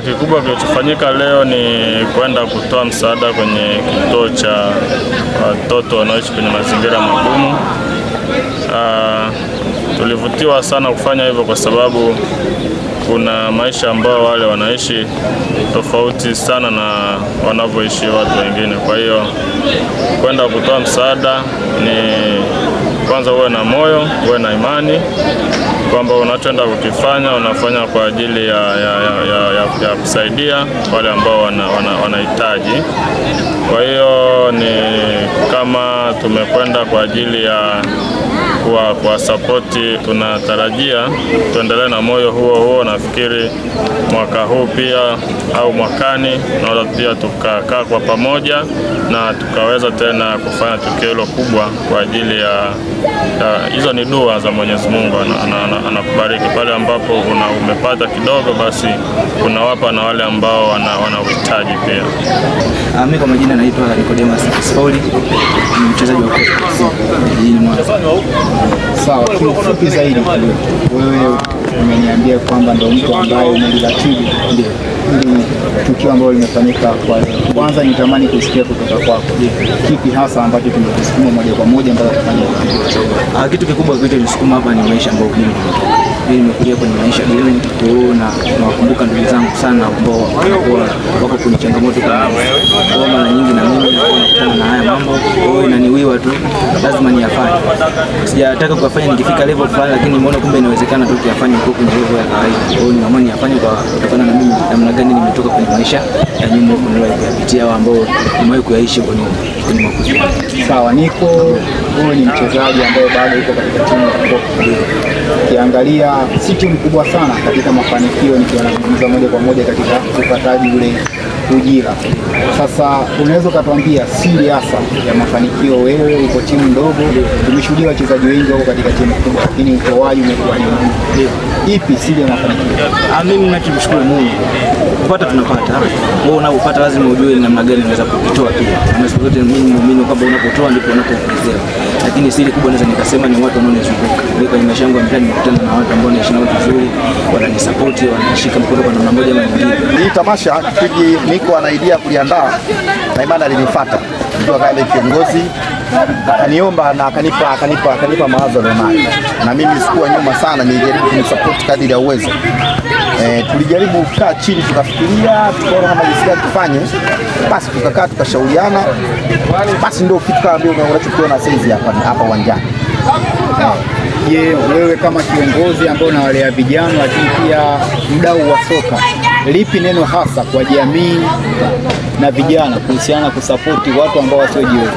kikubwa kilichofanyika leo ni kwenda kutoa msaada kwenye kituo cha watoto wanaoishi kwenye mazingira magumu. Uh, tulivutiwa sana kufanya hivyo kwa sababu kuna maisha ambao wale wanaishi tofauti sana na wanavyoishi watu wengine. Kwa hiyo kwenda kutoa msaada ni kwanza uwe na moyo, uwe na imani kwamba unachoenda kukifanya unafanya kwa ajili ya, ya, ya, ya, ya, ya kusaidia wale ambao wanahitaji wana, wana. Kwa hiyo ni kama tumekwenda kwa ajili ya kwa, kwa sapoti, tunatarajia tuendelee na moyo huo huo. Nafikiri mwaka huu pia au mwakani naweza pia tukakaa kwa pamoja na tukaweza tena kufanya tukio hilo kubwa kwa ajili ya hizo ni dua za Mwenyezi Mungu anakubariki pale ambapo una umepata kidogo, basi unawapa na wale ambao wana uhitaji pia. Ah, mimi kwa majina naitwa Nicodemus Kispauli, ni mchezaji wa jijini Mwanza. Sawa, kifupi zaidi, wewe umeniambia kwamba ndio mtu ambaye umelilatibu ndio hili tukio ambalo limefanyika. Kwa kwanza, nitamani kusikia kutoka kwako, kipi hasa ambacho kimekusukuma moja kwa moja mpaka kufanya hivi? Ah, kitu kikubwa kilichonisukuma hapa ni maisha ambayo mimi nimekulia kwenye maisha na nawakumbuka ndugu zangu sana ambao wako kwenye changamoto kwa mara nyingi, na mimi nakutana na haya mambo kwao, inaniwiwa tu, lazima niyafanye. Sijataka kuyafanya nikifika level fulani, lakini nimeona kumbe inawezekana tu kuyafanya huko kwenye level ya kawaida. Kwao hiyo nimeamua niyafanye kwa kutokana na mimi namna gani nimetoka kwenye maisha ya nyuma kuyapitia, ambao nimewahi kuyaishi kwenye makuzi. Sawa, niko huyo ni mchezaji ambaye bado yuko katika timu kiangalia si timu kubwa sana katika mafanikio, nikiwa moja kwa moja katika upataji ule ujira. Sasa unaweza ukatuambia siri hasa ya mafanikio? Wewe uko timu ndogo, tumeshuhudia wachezaji wengi wako katika timu kubwa, lakini utoaji umekuwa ni ipi sija mafanikio? mafanikio? Ah, mimi ninachomshukuru Mungu, kupata tunapata, wewe unapopata lazima ujue namna gani unaweza kukitoa pia, na siku zote mimi naamini kwamba unapotoa ndipo unapoongezea. Lakini siri kubwa naweza nikasema ni watu wanaonizunguka. Mimi kwenye maisha yangu mtaani nimekutana na watu ambao naishi nao vizuri, wananisapoti, wananishika mkono kwa namna moja au nyingine. Hii tamasha niko ana idea kuliandaa na ibada alinifuata ndio kiongozi akaniomba na akanipa akanipa akanipa mawazo nayo, na mimi sikuwa nyuma sana, nilijaribu kumsupport kadri ya uwezo. e, tulijaribu kukaa chini tukafikiria, tukaona kama jinsi gani tufanye, basi tukakaa tukashauriana, basi ndio kitu kama ndio unachokiona saizi hapa hapa uwanjani. Je, wewe kama kiongozi ambao unawalea vijana lakini pia mdau wa soka lipi neno hasa kwa jamii na vijana kuhusiana na kusapoti watu ambao wasiojiweza?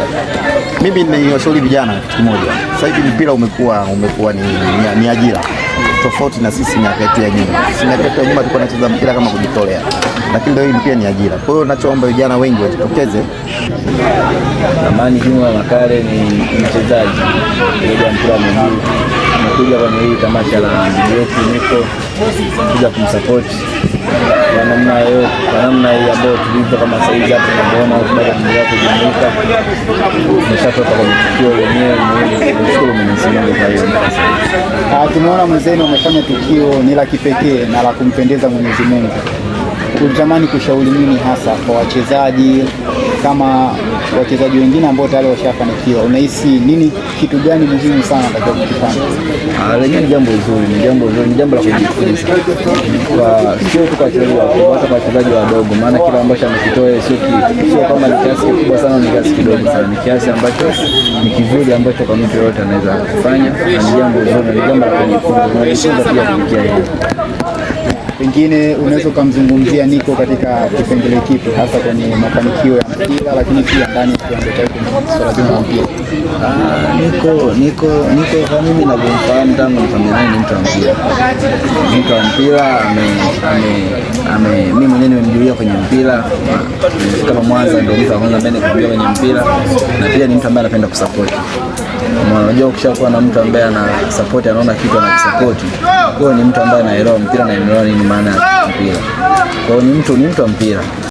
Mimi nimewashauri vijana kitu kimoja. Sasa hivi mpira umekuwa umekuwa ni, ni, ni ajira tofauti na sisi miaka yetu ya nyuma. Sisi miaka yetu ya nyuma tulikuwa tunacheza mpira kama kujitolea, lakini leo hii pia ni ajira. Kwa hiyo nachoomba vijana wengi wajitokeze. Amani Juma Makale ni mchezaji mmoja mpira wa kuja kwenye hii tamasha la yetu niko kuja kumsapoti kwa namna hiyo, kwa namna hii ambayo tulivyo kama saizi hapa tunaona bado tunaendelea kujumuika, tumeshatoka kwenye tukio lenyewe. Nashukuru Mwenyezi Mungu kwa hiyo. Ah, tumeona mzeni umefanya tukio ni la kipekee na la kumpendeza Mwenyezi Mungu. Ulitamani kushauri nini hasa kwa wachezaji kama wachezaji wengine ambao tayari washafanikiwa, unahisi nini, kitu gani muhimu sana katika kukifanya? Ah, lenyewe ni jambo zuri, ni jambo zuri, ni jambo la kujifunza, sio tu kwa wachezaji wakubwa, hata kwa wachezaji wadogo, maana kile ambacho amekitoa sio kama ni kiasi kikubwa sana, ni kiasi kidogo sana, ni kiasi ambacho ni kizuri, ambacho kwa mtu yoyote anaweza kufanya, na ni jambo zuri, ni jambo la kujifunza, unajifunza pia kupitia yeye pengine unaweza ukamzungumzia Nico katika kipengele kipi hasa kwenye mafanikio ya mpira, lakini pia ndani ya kiwanja cha swala zima la mpira? Ah, Nico Nico Nico, kwa mimi navyomfahamu tangu mfamilia, ni mtu wa mpira, mtu wa mpira ame mimi mwenyewe nimemjulia kwenye mpira kama Mwanza, ndio mtu wa kwanza ambaye nikamjua kwenye mpira, na pia ni mtu ambaye anapenda kusapoti. Unajua, ukishakuwa na mtu ambaye ana support, anaona kitu ana support, kwa ni mtu ambaye anaelewa mpira na anaelewa nini maana ya mpira. Kwa hiyo ni mtu ni mtu wa mpira.